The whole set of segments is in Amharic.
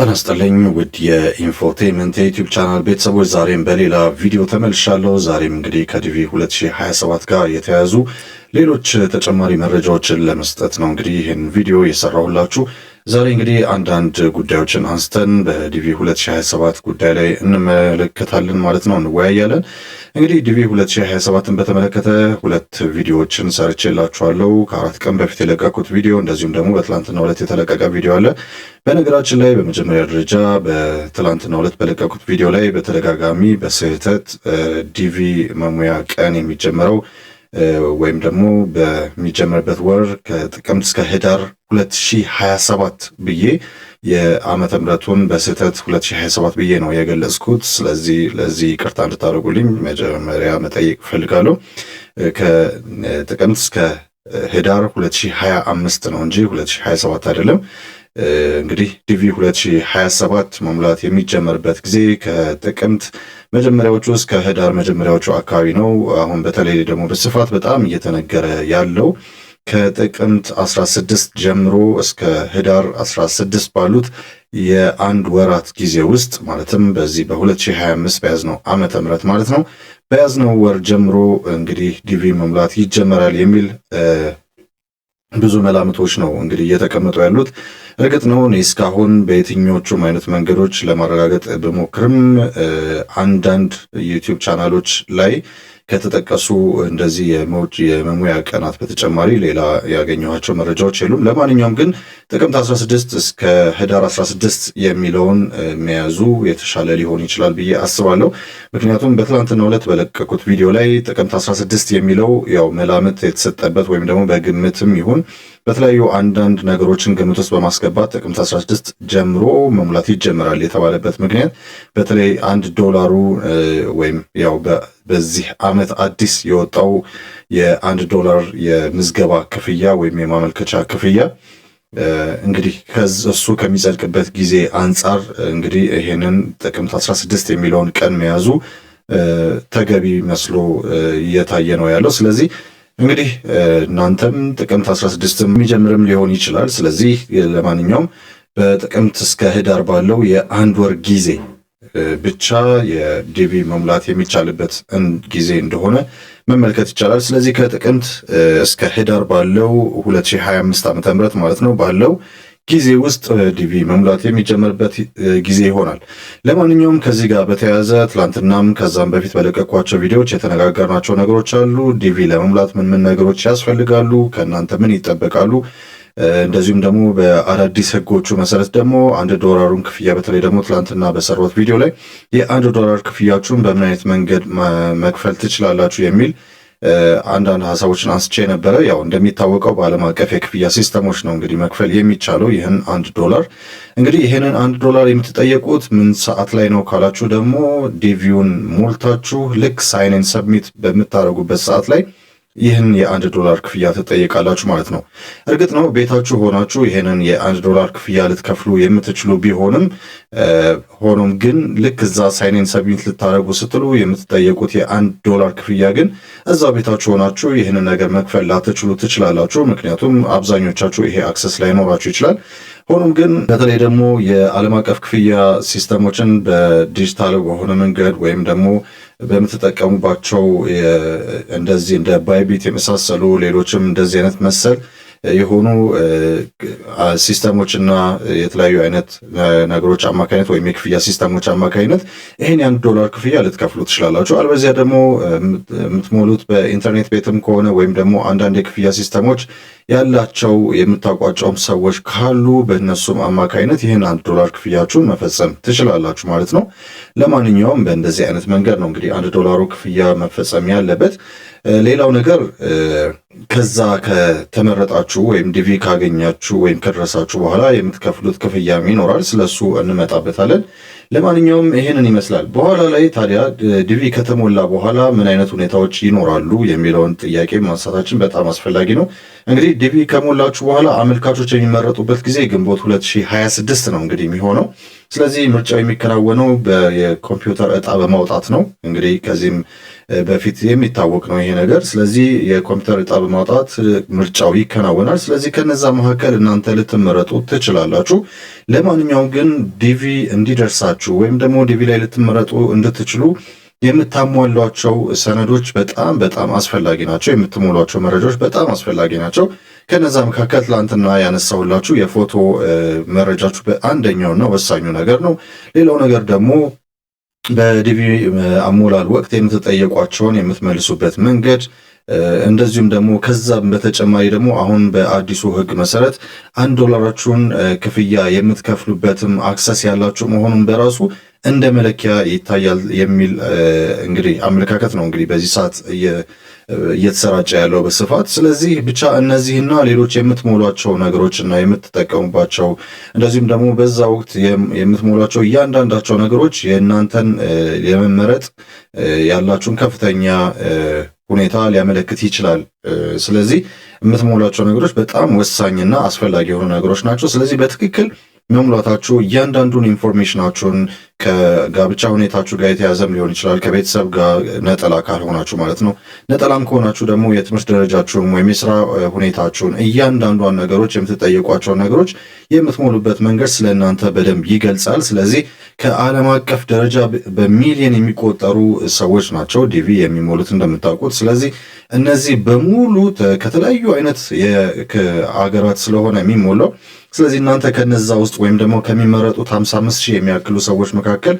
ተነስተልኝ ውድ የኢንፎቴመንት የዩቲዩብ ቻናል ቤተሰቦች፣ ዛሬም በሌላ ቪዲዮ ተመልሻለሁ። ዛሬም እንግዲህ ከዲቪ 2027 ጋር የተያያዙ ሌሎች ተጨማሪ መረጃዎችን ለመስጠት ነው እንግዲህ ይህን ቪዲዮ የሰራሁላችሁ። ዛሬ እንግዲህ አንዳንድ ጉዳዮችን አንስተን በዲቪ 2027 ጉዳይ ላይ እንመለከታለን ማለት ነው፣ እንወያያለን። እንግዲህ ዲቪ 2027ን በተመለከተ ሁለት ቪዲዮዎችን ሰርቼላችኋለሁ። ከአራት ቀን በፊት የለቀቁት ቪዲዮ እንደዚሁም ደግሞ በትላንትና ሁለት የተለቀቀ ቪዲዮ አለ። በነገራችን ላይ በመጀመሪያ ደረጃ በትላንትና ሁለት በለቀቁት ቪዲዮ ላይ በተደጋጋሚ በስህተት ዲቪ መሙያ ቀን የሚጀምረው ወይም ደግሞ በሚጀመርበት ወር ከጥቅምት እስከ ህዳር 2027 ብዬ የዓመተ ምሕረቱን በስህተት 2027 ብዬ ነው የገለጽኩት። ስለዚህ ለዚህ ይቅርታ እንድታደርጉልኝ መጀመሪያ መጠየቅ እፈልጋለሁ። ከጥቅምት እስከ ህዳር 2025 ነው እንጂ 2027 አይደለም። እንግዲህ ዲቪ 2027 መሙላት የሚጀመርበት ጊዜ ከጥቅምት መጀመሪያዎቹ እስከ ህዳር መጀመሪያዎቹ አካባቢ ነው። አሁን በተለይ ደግሞ በስፋት በጣም እየተነገረ ያለው ከጥቅምት 16 ጀምሮ እስከ ህዳር 16 ባሉት የአንድ ወራት ጊዜ ውስጥ ማለትም በዚህ በ2025 በያዝነው ዓመተ ምህረት ማለት ነው በያዝነው ወር ጀምሮ እንግዲህ ዲቪ መሙላት ይጀመራል የሚል ብዙ መላምቶች ነው እንግዲህ እየተቀመጡ ያሉት። እርግጥ ነው እኔ እስካሁን በየትኞቹም አይነት መንገዶች ለማረጋገጥ ብሞክርም አንዳንድ ዩቲዩብ ቻናሎች ላይ ከተጠቀሱ እንደዚህ የመውጭ የመሙያ ቀናት በተጨማሪ ሌላ ያገኘኋቸው መረጃዎች የሉም። ለማንኛውም ግን ጥቅምት 16 እስከ ህዳር 16 የሚለውን መያዙ የተሻለ ሊሆን ይችላል ብዬ አስባለሁ። ምክንያቱም በትናንትናው ዕለት በለቀቁት ቪዲዮ ላይ ጥቅምት 16 የሚለው ያው መላምት የተሰጠበት ወይም ደግሞ በግምትም ይሁን በተለያዩ አንዳንድ ነገሮችን ግምት ውስጥ በማስገባት ጥቅምት 16 ጀምሮ መሙላት ይጀምራል የተባለበት ምክንያት በተለይ አንድ ዶላሩ ወይም ያው በዚህ ዓመት አዲስ የወጣው የአንድ ዶላር የምዝገባ ክፍያ ወይም የማመልከቻ ክፍያ እንግዲህ እሱ ከሚጸድቅበት ጊዜ አንጻር እንግዲህ ይሄንን ጥቅምት 16 የሚለውን ቀን መያዙ ተገቢ መስሎ እየታየ ነው ያለው። ስለዚህ እንግዲህ እናንተም ጥቅምት 16 የሚጀምርም ሊሆን ይችላል። ስለዚህ ለማንኛውም በጥቅምት እስከ ህዳር ባለው የአንድ ወር ጊዜ ብቻ የዲቪ መሙላት የሚቻልበት ጊዜ እንደሆነ መመልከት ይቻላል። ስለዚህ ከጥቅምት እስከ ህዳር ባለው 2025 ዓ.ም ማለት ነው ባለው ጊዜ ውስጥ ዲቪ መሙላት የሚጀመርበት ጊዜ ይሆናል። ለማንኛውም ከዚህ ጋር በተያያዘ ትላንትናም ከዛም በፊት በለቀኳቸው ቪዲዮዎች የተነጋገርናቸው ነገሮች አሉ። ዲቪ ለመሙላት ምን ምን ነገሮች ያስፈልጋሉ? ከእናንተ ምን ይጠበቃሉ? እንደዚሁም ደግሞ በአዳዲስ ህጎቹ መሰረት ደግሞ አንድ ዶላሩን ክፍያ በተለይ ደግሞ ትላንትና በሰሩት ቪዲዮ ላይ የአንድ ዶላር ክፍያችሁን በምን አይነት መንገድ መክፈል ትችላላችሁ የሚል አንዳንድ ሀሳቦችን አንስቼ ነበረ። ያው እንደሚታወቀው በዓለም አቀፍ የክፍያ ሲስተሞች ነው እንግዲህ መክፈል የሚቻለው ይህን አንድ ዶላር። እንግዲህ ይህንን አንድ ዶላር የምትጠየቁት ምን ሰዓት ላይ ነው ካላችሁ ደግሞ ዲቪውን ሞልታችሁ ልክ ሳይንን ሰብሚት በምታደርጉበት ሰዓት ላይ ይህን የአንድ ዶላር ክፍያ ትጠይቃላችሁ ማለት ነው። እርግጥ ነው ቤታችሁ ሆናችሁ ይህንን የአንድ ዶላር ክፍያ ልትከፍሉ የምትችሉ ቢሆንም ሆኖም ግን ልክ እዛ ሳይኔን ሰብሚት ልታደረጉ ስትሉ የምትጠየቁት የአንድ ዶላር ክፍያ ግን እዛ ቤታችሁ ሆናችሁ ይህንን ነገር መክፈል ላትችሉ ትችላላችሁ። ምክንያቱም አብዛኞቻችሁ ይሄ አክሰስ ላይኖራችሁ ይችላል። ሆኖም ግን በተለይ ደግሞ የዓለም አቀፍ ክፍያ ሲስተሞችን በዲጂታል በሆነ መንገድ ወይም ደግሞ በምትጠቀሙባቸው እንደዚህ እንደ ባይቢት የመሳሰሉ ሌሎችም እንደዚህ አይነት መሰል የሆኑ ሲስተሞች እና የተለያዩ አይነት ነገሮች አማካኝነት ወይም የክፍያ ሲስተሞች አማካኝነት ይህን የአንድ ዶላር ክፍያ ልትከፍሉ ትችላላችሁ። አልበዚያ ደግሞ የምትሞሉት በኢንተርኔት ቤትም ከሆነ ወይም ደግሞ አንዳንድ የክፍያ ሲስተሞች ያላቸው የምታቋጫውም ሰዎች ካሉ በእነሱም አማካኝነት ይህን አንድ ዶላር ክፍያችሁን መፈጸም ትችላላችሁ ማለት ነው። ለማንኛውም በእንደዚህ አይነት መንገድ ነው እንግዲህ አንድ ዶላሩ ክፍያ መፈጸም ያለበት። ሌላው ነገር ከዛ ከተመረጣችሁ ወይም ዲቪ ካገኛችሁ ወይም ከደረሳችሁ በኋላ የምትከፍሉት ክፍያም ይኖራል። ስለሱ እንመጣበታለን። ለማንኛውም ይሄንን ይመስላል። በኋላ ላይ ታዲያ ዲቪ ከተሞላ በኋላ ምን አይነት ሁኔታዎች ይኖራሉ የሚለውን ጥያቄ ማንሳታችን በጣም አስፈላጊ ነው። እንግዲህ ዲቪ ከሞላችሁ በኋላ አመልካቾች የሚመረጡበት ጊዜ ግንቦት 2026 ነው እንግዲህ የሚሆነው። ስለዚህ ምርጫው የሚከናወነው የኮምፒውተር እጣ በማውጣት ነው። እንግዲህ ከዚህም በፊት የሚታወቅ ነው ይሄ ነገር። ስለዚህ የኮምፒውተር ዕጣ በማውጣት ምርጫው ይከናወናል። ስለዚህ ከነዛ መካከል እናንተ ልትመረጡ ትችላላችሁ። ለማንኛውም ግን ዲቪ እንዲደርሳችሁ ወይም ደግሞ ዲቪ ላይ ልትመረጡ እንድትችሉ የምታሟሏቸው ሰነዶች በጣም በጣም አስፈላጊ ናቸው። የምትሞሏቸው መረጃዎች በጣም አስፈላጊ ናቸው። ከነዛ መካከል ትላንትና ያነሳሁላችሁ የፎቶ መረጃችሁ በአንደኛውና ወሳኙ ነገር ነው። ሌላው ነገር ደግሞ በዲቪ አሞላል ወቅት የምትጠየቋቸውን የምትመልሱበት መንገድ እንደዚሁም ደግሞ ከዛ በተጨማሪ ደግሞ አሁን በአዲሱ ሕግ መሰረት አንድ ዶላራችሁን ክፍያ የምትከፍሉበትም አክሰስ ያላችሁ መሆኑን በራሱ እንደ መለኪያ ይታያል የሚል እንግዲህ አመለካከት ነው እንግዲህ በዚህ ሰዓት እየተሰራጨ ያለው በስፋት። ስለዚህ ብቻ እነዚህና ሌሎች የምትሞሏቸው ነገሮች እና የምትጠቀሙባቸው እንደዚሁም ደግሞ በዛ ወቅት የምትሞሏቸው እያንዳንዳቸው ነገሮች የእናንተን የመመረጥ ያላችሁን ከፍተኛ ሁኔታ ሊያመለክት ይችላል። ስለዚህ የምትሞሏቸው ነገሮች በጣም ወሳኝና አስፈላጊ የሆኑ ነገሮች ናቸው። ስለዚህ በትክክል መሙላታችሁ እያንዳንዱን ኢንፎርሜሽናችሁን ከጋብቻ ሁኔታችሁ ጋር የተያዘም ሊሆን ይችላል። ከቤተሰብ ጋር ነጠላ ካልሆናችሁ ማለት ነው። ነጠላም ከሆናችሁ ደግሞ የትምህርት ደረጃችሁን ወይም የስራ ሁኔታችሁን፣ እያንዳንዷን ነገሮች፣ የምትጠየቋቸውን ነገሮች የምትሞሉበት መንገድ ስለ እናንተ በደንብ ይገልጻል። ስለዚህ ከዓለም አቀፍ ደረጃ በሚሊየን የሚቆጠሩ ሰዎች ናቸው ዲቪ የሚሞሉት እንደምታውቁት። ስለዚህ እነዚህ በሙሉ ከተለያዩ አይነት አገራት ስለሆነ የሚሞላው ስለዚህ እናንተ ከነዛ ውስጥ ወይም ደግሞ ከሚመረጡት 55 ሺህ የሚያክሉ ሰዎች መካከል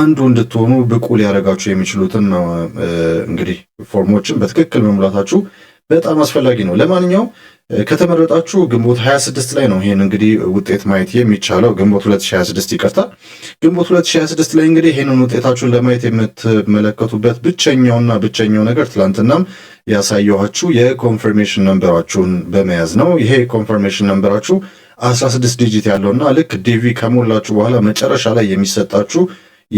አንዱ እንድትሆኑ ብቁ ሊያደርጋችሁ የሚችሉትን እንግዲህ ፎርሞችን በትክክል መሙላታችሁ በጣም አስፈላጊ ነው። ለማንኛውም ከተመረጣችሁ ግንቦት 26 ላይ ነው ይህን እንግዲህ ውጤት ማየት የሚቻለው። ግንቦት 2026 ይቀርታል። ግንቦት 2026 ላይ እንግዲህ ይህንን ውጤታችሁን ለማየት የምትመለከቱበት ብቸኛውና ብቸኛው ነገር ትላንትናም ያሳየኋችሁ የኮንፈርሜሽን ነንበራችሁን በመያዝ ነው። ይሄ ኮንፈርሜሽን ነንበራችሁ ስድስት ዲጂት ያለው ልክ ዲቪ ከሞላችሁ በኋላ መጨረሻ ላይ የሚሰጣችሁ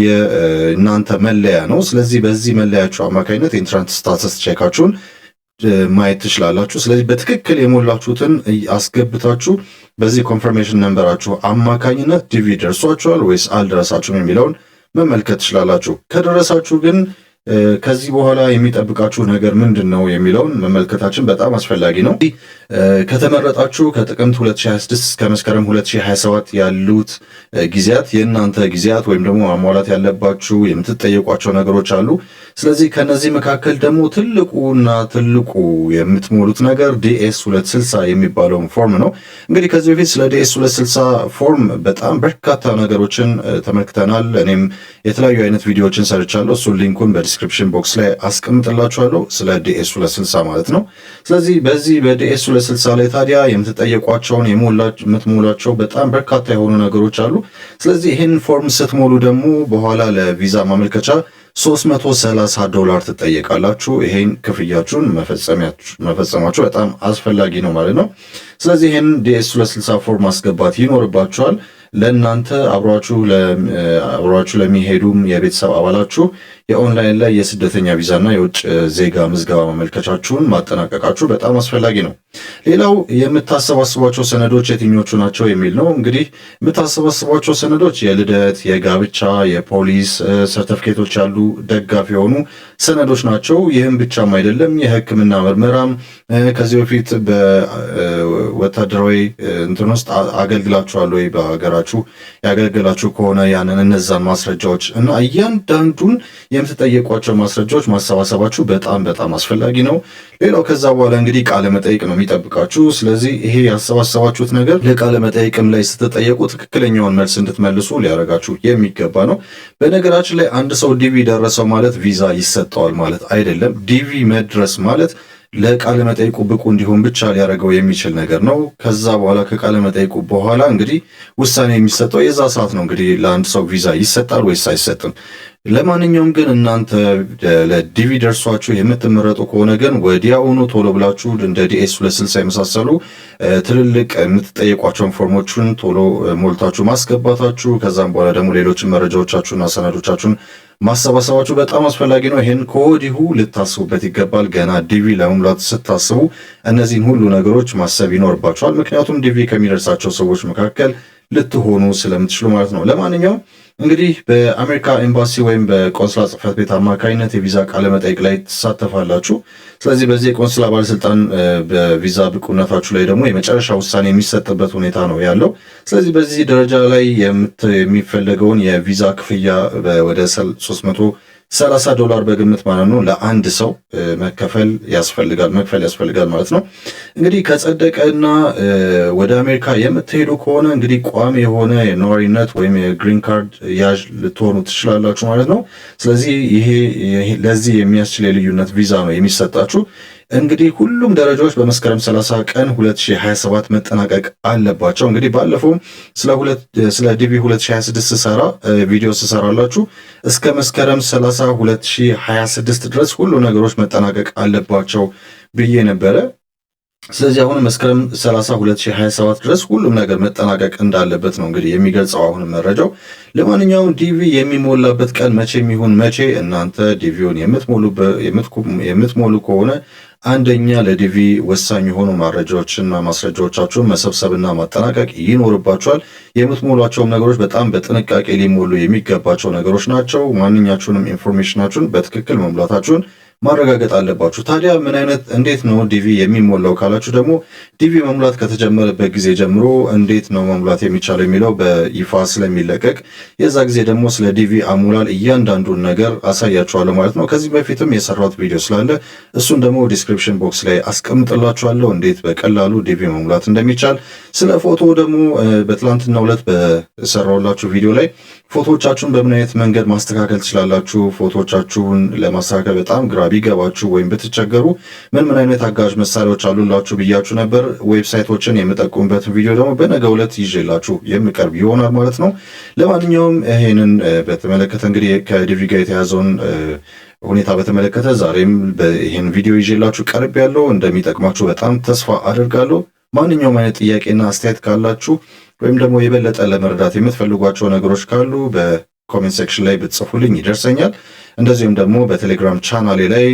የእናንተ መለያ ነው። ስለዚህ በዚህ መለያችሁ አማካኝነት ኢንትራንት ስታተስ ቼካችሁን ማየት ትችላላችሁ። ስለዚህ በትክክል የሞላችሁትን አስገብታችሁ በዚህ ኮንፈርሜሽን ነንበራችሁ አማካኝነት ዲቪ ደርሷችኋል ወይስ አልደረሳችሁም የሚለውን መመልከት ትችላላችሁ። ከደረሳችሁ ግን ከዚህ በኋላ የሚጠብቃችሁ ነገር ምንድን ነው የሚለውን መመልከታችን በጣም አስፈላጊ ነው። ከተመረጣችሁ ከጥቅምት 2026 እስከ መስከረም 2027 ያሉት ጊዜያት የእናንተ ጊዜያት ወይም ደግሞ ማሟላት ያለባችሁ የምትጠየቋቸው ነገሮች አሉ። ስለዚህ ከነዚህ መካከል ደግሞ ትልቁ እና ትልቁ የምትሞሉት ነገር ዲኤስ 260 የሚባለውን ፎርም ነው። እንግዲህ ከዚህ በፊት ስለ ዲኤስ 260 ፎርም በጣም በርካታ ነገሮችን ተመልክተናል። እኔም የተለያዩ አይነት ቪዲዮዎችን ሰርቻለሁ። እሱን ሊንኩን በዲስክሪፕሽን ቦክስ ላይ አስቀምጥላችኋለሁ፣ ስለ ዲኤስ 260 ማለት ነው። ስለዚህ በዚህ በዲኤስ 260 ላይ ታዲያ የምትጠየቋቸውን የምትሞላቸው በጣም በርካታ የሆኑ ነገሮች አሉ። ስለዚህ ይህን ፎርም ስትሞሉ ደግሞ በኋላ ለቪዛ ማመልከቻ 330 ዶላር ትጠየቃላችሁ። ይሄን ክፍያችሁን መፈጸማችሁ በጣም አስፈላጊ ነው ማለት ነው። ስለዚህ ይህን ዲኤስ 264 ማስገባት ይኖርባችኋል። ለእናንተ አብሯችሁ ለሚሄዱም የቤተሰብ አባላችሁ የኦንላይን ላይ የስደተኛ ቪዛና የውጭ ዜጋ ምዝገባ ማመልከቻችሁን ማጠናቀቃችሁ በጣም አስፈላጊ ነው። ሌላው የምታሰባስቧቸው ሰነዶች የትኞቹ ናቸው የሚል ነው። እንግዲህ የምታሰባስቧቸው ሰነዶች የልደት፣ የጋብቻ፣ የፖሊስ ሰርተፍኬቶች ያሉ ደጋፊ የሆኑ ሰነዶች ናቸው። ይህም ብቻም አይደለም፣ የህክምና ምርመራም ከዚህ በፊት በወታደራዊ እንትን ውስጥ አገልግላችኋል ወይ በሀገራችሁ ያገልግላችሁ ከሆነ ያንን እነዛን ማስረጃዎች እና እያንዳንዱን የምትጠየቋቸው ማስረጃዎች ማሰባሰባችሁ በጣም በጣም አስፈላጊ ነው። ሌላው ከዛ በኋላ እንግዲህ ቃለ መጠይቅ ነው የሚጠብቃችሁ። ስለዚህ ይሄ ያሰባሰባችሁት ነገር ለቃለ መጠይቅም ላይ ስትጠየቁ ትክክለኛውን መልስ እንድትመልሱ ሊያደርጋችሁ የሚገባ ነው። በነገራችን ላይ አንድ ሰው ዲቪ ደረሰው ማለት ቪዛ ይሰጠዋል ማለት አይደለም። ዲቪ መድረስ ማለት ለቃለ መጠይቁ ብቁ እንዲሆን ብቻ ሊያደርገው የሚችል ነገር ነው። ከዛ በኋላ ከቃለ መጠይቁ በኋላ እንግዲህ ውሳኔ የሚሰጠው የዛ ሰዓት ነው። እንግዲህ ለአንድ ሰው ቪዛ ይሰጣል ወይስ አይሰጥም። ለማንኛውም ግን እናንተ ለዲቪ ደርሷችሁ የምትመረጡ ከሆነ ግን ወዲያውኑ ቶሎ ብላችሁ እንደ ዲኤስ 260 የመሳሰሉ ትልልቅ የምትጠየቋቸውን ፎርሞችን ቶሎ ሞልታችሁ ማስገባታችሁ ከዛም በኋላ ደግሞ ሌሎችን መረጃዎቻችሁና ሰነዶቻችሁን ማሰባሰባችሁ በጣም አስፈላጊ ነው። ይህን ከወዲሁ ልታስቡበት ይገባል። ገና ዲቪ ለመሙላት ስታስቡ እነዚህን ሁሉ ነገሮች ማሰብ ይኖርባችኋል። ምክንያቱም ዲቪ ከሚደርሳቸው ሰዎች መካከል ልትሆኑ ስለምትችሉ ማለት ነው። ለማንኛውም እንግዲህ በአሜሪካ ኤምባሲ ወይም በቆንስላ ጽፈት ቤት አማካኝነት የቪዛ ቃለ መጠይቅ ላይ ትሳተፋላችሁ። ስለዚህ በዚህ የቆንስላ ባለስልጣን በቪዛ ብቁነታችሁ ላይ ደግሞ የመጨረሻ ውሳኔ የሚሰጥበት ሁኔታ ነው ያለው። ስለዚህ በዚህ ደረጃ ላይ የሚፈለገውን የቪዛ ክፍያ ወደ 300 ሰላሳ ዶላር በግምት ማለት ነው ለአንድ ሰው መከፈል ያስፈልጋል መክፈል ያስፈልጋል ማለት ነው። እንግዲህ ከጸደቀና ወደ አሜሪካ የምትሄዱ ከሆነ እንግዲህ ቋሚ የሆነ የነዋሪነት ወይም የግሪን ካርድ ያዥ ልትሆኑ ትችላላችሁ ማለት ነው። ስለዚህ ይሄ ለዚህ የሚያስችል የልዩነት ቪዛ ነው የሚሰጣችሁ። እንግዲህ ሁሉም ደረጃዎች በመስከረም 30 ቀን 2027 መጠናቀቅ አለባቸው። እንግዲህ ባለፈው ስለ ዲቪ 2026 ስሰራ ቪዲዮ ስሰራላችሁ እስከ መስከረም 30 2026 ድረስ ሁሉ ነገሮች መጠናቀቅ አለባቸው ብዬ ነበረ። ስለዚህ አሁን መስከረም 30 2027 ድረስ ሁሉም ነገር መጠናቀቅ እንዳለበት ነው እንግዲህ የሚገልጸው አሁን መረጃው። ለማንኛውም ዲቪ የሚሞላበት ቀን መቼ የሚሆን መቼ እናንተ ዲቪውን የምትሞሉ የምትሞሉ ከሆነ አንደኛ ለዲቪ ወሳኝ የሆኑ መረጃዎችና ማስረጃዎቻችሁን መሰብሰብና ማጠናቀቅ ይኖርባችኋል። የምትሞሏቸውም ነገሮች በጣም በጥንቃቄ ሊሞሉ የሚገባቸው ነገሮች ናቸው። ማንኛችሁንም ኢንፎርሜሽናችሁን በትክክል መሙላታችሁን ማረጋገጥ አለባችሁ። ታዲያ ምን አይነት እንዴት ነው ዲቪ የሚሞላው ካላችሁ ደግሞ ዲቪ መሙላት ከተጀመረበት ጊዜ ጀምሮ እንዴት ነው መሙላት የሚቻለው የሚለው በይፋ ስለሚለቀቅ የዛ ጊዜ ደግሞ ስለ ዲቪ አሞላል እያንዳንዱን ነገር አሳያችኋለሁ ማለት ነው። ከዚህ በፊትም የሰራሁት ቪዲዮ ስላለ እሱን ደግሞ ዲስክሪፕሽን ቦክስ ላይ አስቀምጥላችኋለሁ እንዴት በቀላሉ ዲቪ መሙላት እንደሚቻል። ስለ ፎቶ ደግሞ በትላንትና ሁለት በሰራሁላችሁ ቪዲዮ ላይ ፎቶዎቻችሁን በምን አይነት መንገድ ማስተካከል ትችላላችሁ፣ ፎቶዎቻችሁን ለማስተካከል በጣም ግራ ቢገባችሁ ወይም ብትቸገሩ ምን ምን አይነት አጋዥ መሳሪያዎች አሉላችሁ ብያችሁ ነበር። ዌብሳይቶችን የምጠቁምበትን ቪዲዮ ደግሞ በነገው ዕለት ይዤላችሁ የምቀርብ ይሆናል ማለት ነው። ለማንኛውም ይሄንን በተመለከተ እንግዲህ ከዲቪ ጋር የተያዘውን ሁኔታ በተመለከተ ዛሬም ይህን ቪዲዮ ይዤላችሁ ቀርብ ያለው እንደሚጠቅማችሁ በጣም ተስፋ አድርጋለሁ። ማንኛውም አይነት ጥያቄና አስተያየት ካላችሁ ወይም ደግሞ የበለጠ ለመረዳት የምትፈልጓቸው ነገሮች ካሉ በኮሜንት ሴክሽን ላይ ብትጽፉልኝ ይደርሰኛል። እንደዚሁም ደግሞ በቴሌግራም ቻናሌ ላይ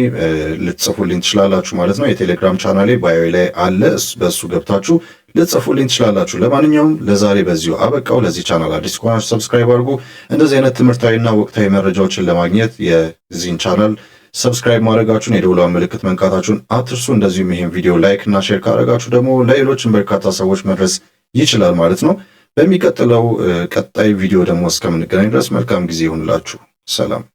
ልትጽፉልኝ ትችላላችሁ ማለት ነው። የቴሌግራም ቻናሌ ባዮ ላይ አለ። በእሱ ገብታችሁ ልትጽፉልኝ ትችላላችሁ። ለማንኛውም ለዛሬ በዚሁ አበቃው። ለዚህ ቻናል አዲስ ከሆናችሁ ሰብስክራይብ አድርጉ። እንደዚህ አይነት ትምህርታዊና ወቅታዊ መረጃዎችን ለማግኘት የዚህን ቻናል ሰብስክራይብ ማድረጋችሁን የደውላ ምልክት መንካታችሁን አትርሱ። እንደዚሁም ይህን ቪዲዮ ላይክ እና ሼር ካደረጋችሁ ደግሞ ለሌሎችም በርካታ ሰዎች መድረስ ይችላል ማለት ነው። በሚቀጥለው ቀጣይ ቪዲዮ ደግሞ እስከምንገናኝ ድረስ መልካም ጊዜ ይሁንላችሁ። ሰላም